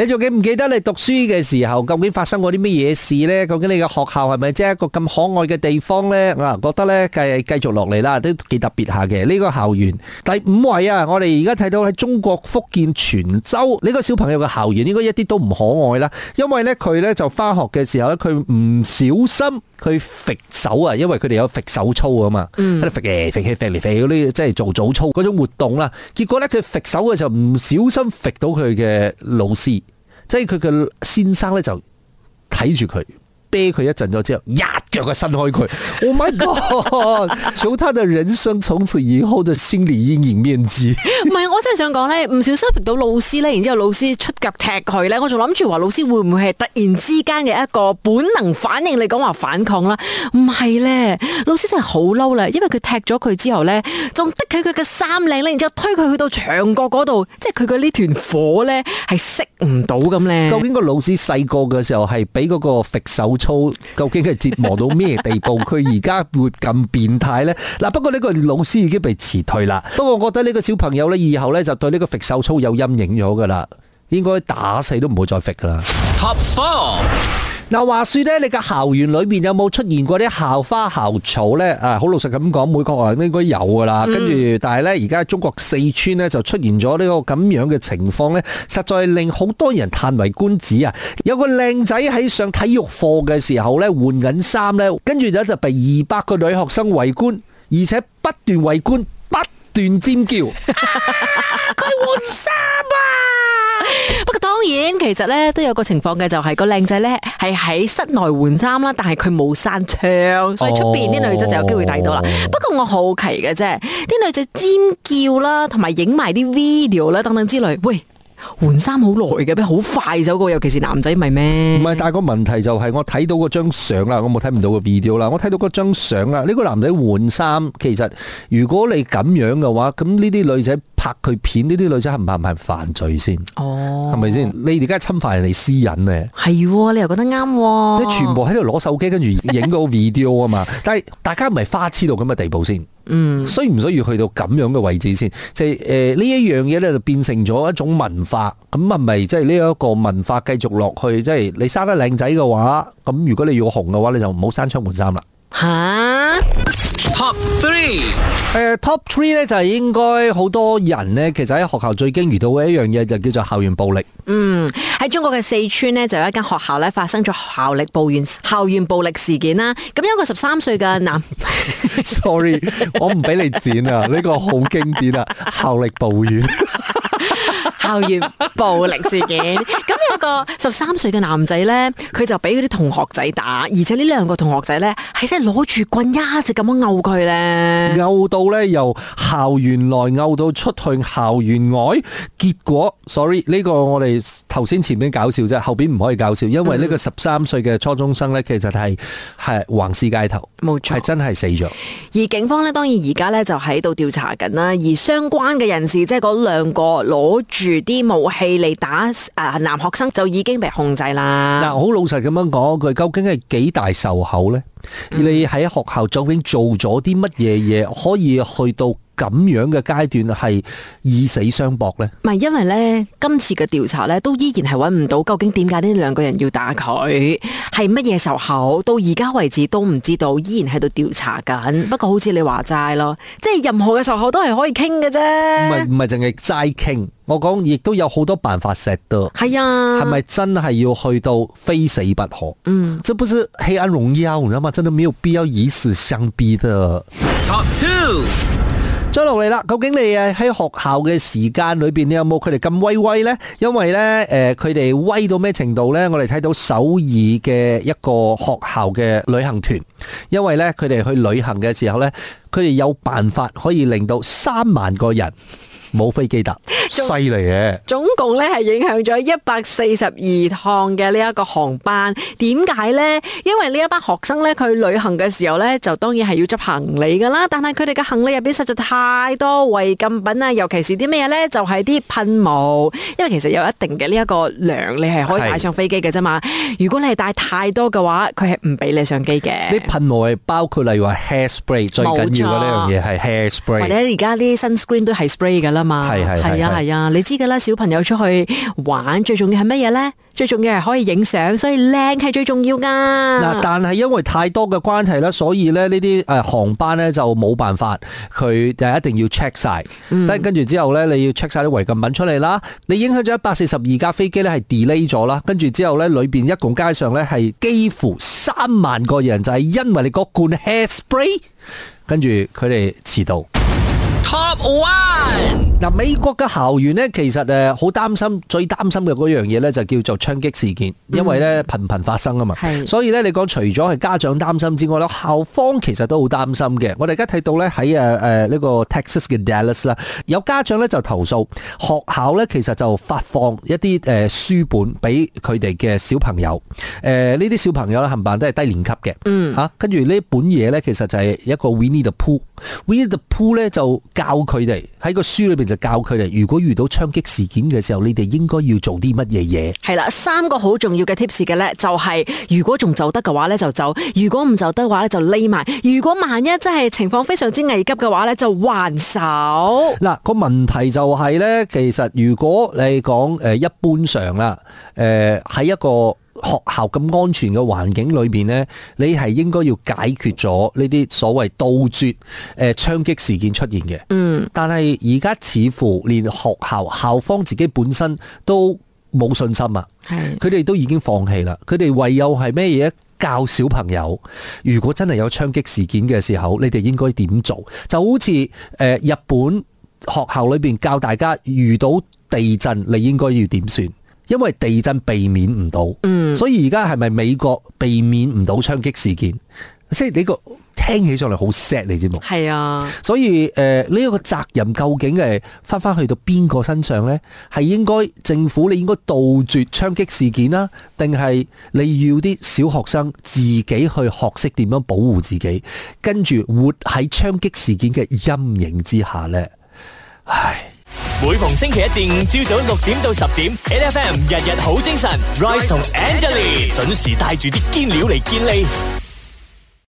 你仲記唔記得你讀書嘅時候，究竟發生過啲咩嘢事呢？究竟你嘅學校係咪真係一個咁可愛嘅地方呢？啊，覺得呢繼繼續落嚟啦，都幾特別下嘅呢個校園。第五位啊，我哋而家睇到喺中國福建泉州呢個小朋友嘅校園，應該一啲都唔可愛啦。因為呢佢呢就翻學嘅時候呢，佢唔小心佢揈手啊，因為佢哋有揈手操啊嘛，喺度揈嘅，揈起，揈嚟，揈嗰啲即係做早操嗰種活動啦。結果呢佢揈手嘅時候唔小心揈到佢嘅老師。即係佢嘅先生咧，就睇住佢，啤佢一陣咗之後，呀！腳佢伸開佢，Oh my God！ 求他的人生從此以後嘅心理陰影面積。唔係，我真係想講咧，唔小心到老師咧，然之後老師出腳踢佢咧，我仲諗住話老師會唔會係突然之間嘅一個本能反應嚟講話反抗啦？唔係咧，老師真係好嬲啦，因為佢踢咗佢之後咧，仲的佢佢嘅衫領咧，然之後推佢去到牆角嗰度，即係佢嘅呢團火咧係熄唔到咁咧。究竟個老師細個嘅時候係俾嗰個甩手操，究竟佢係折磨到？ 到咩地步，佢而家會咁變態呢？嗱，不過呢個老師已經被辭退啦。不過我覺得呢個小朋友呢，以後呢就對呢個肥瘦操有陰影咗噶啦，應該打死都唔會再肥噶啦。Top Four 嗱，話說咧，你嘅校園裏面有冇出現過啲校花校草呢？啊，好老實咁講，每個學校應該有噶啦。跟、嗯、住，但係呢，而家中國四川呢，就出現咗呢個咁樣嘅情況呢，實在令好多人嘆為觀止啊！有個靚仔喺上體育課嘅時候呢，換緊衫呢，跟住就就被二百個女學生圍觀，而且不斷圍觀，不斷尖叫，佢換衫啊！其實咧都有個情況嘅，就係、是、個靚仔咧係喺室內換衫啦，但係佢冇閂窗，所以出邊啲女仔就有機會睇到啦。Oh. 不過我好奇嘅啫，啲女仔尖叫啦，同埋影埋啲 video 啦，等等之類。喂，換衫好耐嘅咩？好快手㗎，尤其是男仔咪咩？唔係，但係個問題就係我睇到嗰張相啦，我冇睇唔到個 video 啦。我睇到嗰張相啦，呢個男仔換衫，其實如果你咁樣嘅話，咁呢啲女仔。拍佢片，呢啲女仔係唔係唔係犯罪先？哦，係咪先？你而家侵犯人哋私隱咧？係、哦，你又覺得啱、哦？即係全部喺度攞手機跟住影嗰個 video 啊嘛！但係大家唔係花痴到咁嘅地步先。嗯。需唔需要去到咁樣嘅位置先？即係誒呢一樣嘢咧就變成咗一種文化。咁係咪即係呢一個文化繼續落去？即係你生得靚仔嘅話，咁如果你要紅嘅話，你就唔好喺窗門換衫啦。吓、啊？Top three，誒、uh,，Top three 咧就係、是、應該好多人咧，其實喺學校最驚遇到嘅一樣嘢就叫做校園暴力。嗯，喺中國嘅四川咧就有一間學校咧發生咗校力暴園校園暴力事件啦。咁有一個十三歲嘅男，sorry，我唔俾你剪啊，呢個好經典啊，校力暴園校園暴力事件。 十三歲嘅男仔呢，佢就俾嗰啲同學仔打，而且呢兩個同學仔呢，係真係攞住棍子一直咁樣毆佢呢，毆到呢，由校園內毆到出去到校園外，結果 sorry 呢個我哋頭先前面搞笑啫，後邊唔可以搞笑，因為呢個十三歲嘅初中生呢，其實係係橫屍街頭，冇錯，係真係死咗。而警方呢，當然而家呢，就喺度調查緊啦，而相關嘅人士，即係嗰兩個攞住啲武器嚟打誒男學生。就已經被控制啦。嗱，好老實咁樣講，佢究竟係幾大受傷咧？而你喺學校究竟做咗啲乜嘢嘢，可以去到咁樣嘅階段，係以死相搏呢？唔、嗯、係、嗯，因為呢，今次嘅調查呢都依然係揾唔到究竟點解呢兩個人要打佢，係乜嘢仇口，到而家為止都唔知道，依然喺度調查緊。不過好似你話齋咯，即係任何嘅仇口都係可以傾嘅啫。唔係唔係，淨係齋傾。我講亦都有好多辦法錫到。係啊，係咪真係要去到非死不可？嗯，即不是黑暗榮耀啊真係沒有必要以死相逼的。Top two，再落嚟啦。究竟你啊喺學校嘅時間裏邊，你有冇佢哋咁威威呢？因為呢，誒，佢哋威到咩程度呢？我哋睇到首爾嘅一個學校嘅旅行團，因為呢，佢哋去旅行嘅時候呢，佢哋有辦法可以令到三萬個人。冇飛機搭，犀利嘅。總共咧係影響咗一百四十二趟嘅呢一個航班。點解咧？因為呢一班學生咧，佢旅行嘅時候咧，就當然係要執行李㗎啦。但係佢哋嘅行李入面實在太多違禁品啊！尤其是啲咩嘢咧，就係、是、啲噴霧。因為其實有一定嘅呢一個量，你係可以帶上飛機嘅啫嘛。如果你係帶太多嘅話，佢係唔俾你上機嘅。啲噴霧係包括例如話 hair spray，最緊要嘅呢樣嘢係 hair spray。或者而家啲 sunscreen 都係 spray 㗎啦。係係係啊係啊，你知噶啦，小朋友出去玩最重要係乜嘢咧？最重要係可以影相，所以靚係最重要噶。嗱，但係因為太多嘅關係啦，所以咧呢啲誒航班咧就冇辦法，佢就一定要 check 晒，跟跟住之後咧你要 check 晒啲違禁品出嚟啦。你影響咗一百四十二架飛機咧係 delay 咗啦，跟住之後咧裏邊一共街上咧係幾乎三萬個人，就係因為你嗰罐 hair spray，跟住佢哋遲到。Top one 嗱，美國嘅校園呢，其實誒好擔心，最擔心嘅嗰樣嘢呢，就叫做槍擊事件，因為呢頻頻發生啊嘛。所以呢，你講除咗係家長擔心之外呢，校方其實都好擔心嘅。我哋而家睇到呢，喺誒誒呢個 Texas 嘅 Dallas 啦，有家長呢就投訴學校呢其實就發放一啲誒書本俾佢哋嘅小朋友。誒呢啲小朋友呢，冚唪唥都係低年級嘅。嗯，吓，跟住呢本嘢呢，其實就係一個 We Need To Pull We Need To Pull 呢，就。教佢哋喺個書裏邊就教佢哋，如果遇到槍擊事件嘅時候，你哋應該要做啲乜嘢嘢？係啦，三個好重要嘅 tips 嘅呢，就係如果仲就得嘅話呢就走，如果唔就得嘅話呢就匿埋，如果萬一真係情況非常之危急嘅話呢就還手。嗱，個問題就係呢，其實如果你講誒一般上啦，誒喺一個。學校咁安全嘅環境裏邊咧，你係應該要解決咗呢啲所謂杜絕誒槍擊事件出現嘅。嗯，但係而家似乎連學校校方自己本身都冇信心啊。係，佢哋都已經放棄啦。佢哋唯有係咩嘢教小朋友？如果真係有槍擊事件嘅時候，你哋應該點做？就好似誒日本學校裏邊教大家遇到地震，你應該要點算？因為地震避免唔到，嗯，所以而家係咪美國避免唔到槍擊事件？即係你個聽起上嚟好 sad 你知道？係啊。所以誒，呢、呃、一、這個責任究竟誒，翻翻去到邊個身上呢？係應該政府你應該杜絕槍擊事件啦，啊，定係你要啲小學生自己去學識點樣保護自己，跟住活喺槍擊事件嘅陰影之下呢？唉。每逢星期一至五，朝早六點到十點，N F M 日日好精神。Rise 同 Angelie 準時帶住啲堅料嚟見你。